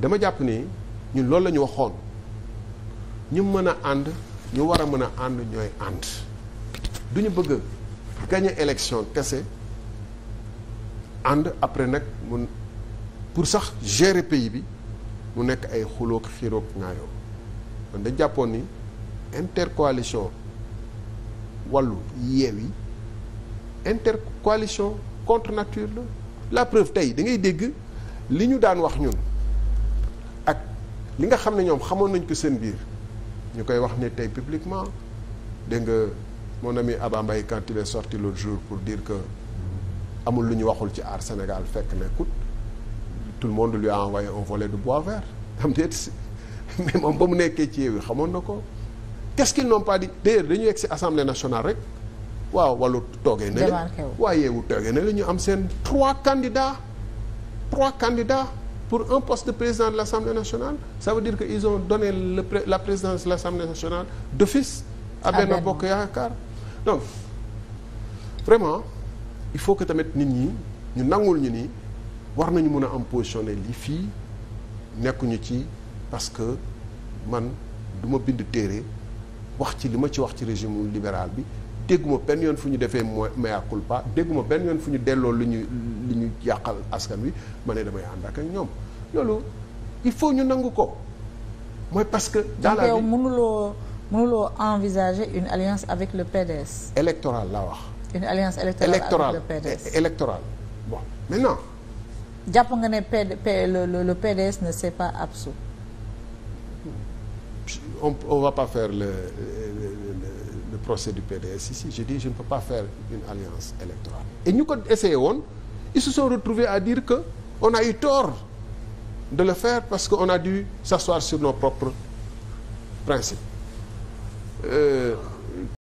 dama jàpp ni ñun loolu la ñu waxoon ñu mën a ànd ñu war a mën a ànd ñooy ànd du ñu bëgg a gagner élection kese ànd après nag mun pour sax gérer pays bi mu nekk ay xuloog xiroog ngaayoo man dañ jàppoon ni intercoalition wàllu Yewwi intercoalition contre nature la la preuve tey da ngay dégg li ñu daan wax ñun li nga xam ne ñoom xamoon nañ ko seen biir ñu koy wax ni tey publiquement dégg nga mon ami Abba Mbaye quand il sorti l'autre jour pour dire que amul lu ñu waxul ci aar Sénégal fekk na écoute tout le monde lui a envoyé un volet de bois am déet moom ba mu nekkee ci Yewwi xamoon na ko qu'est-ce qu'ils n'ont dañu yegg si assemblée nationale rek waaw wàllu toogee na la waaw ñu am seen trois candidats trois candidats pour un poste de président de l'Assemblée nationale ça veut dire que ils ont donné le pré la présidence de l'Assemblée nationale d'office à Bokk Yaakaar donc vraiment il faut que tamit nit ñi ñu nangul ñu ni war nañu mën a am position ne li fii nekkuñu ci parce que man du ma bind téere wax ci li ma ci wax ci régime libéral bi dégguma benn yoon fu ñu defee mooy mea culpa dégguma benn yoon fu ñu delloo lu ñu ñu yàqal askan wi ma ne damay ànd ak ak ñoom loolu il faut ñu nangu ko mooy parce que. dans la vie mënuloo envisager une alliance avec le PDS. électorale laa wax. une alliance électorale avec le PDS électorale bon maintenant. jàpp nga ne P le le PDS ne s'est pas absous. on va pas faire le procès du PDS ici j'ai dit je ne peux pas faire une alliance électorale et ñu ko essayé woon ils se sont retrouvés à dire que on a eu tort de le faire parce que on a dû s'asseoir sur nos propres principes euh,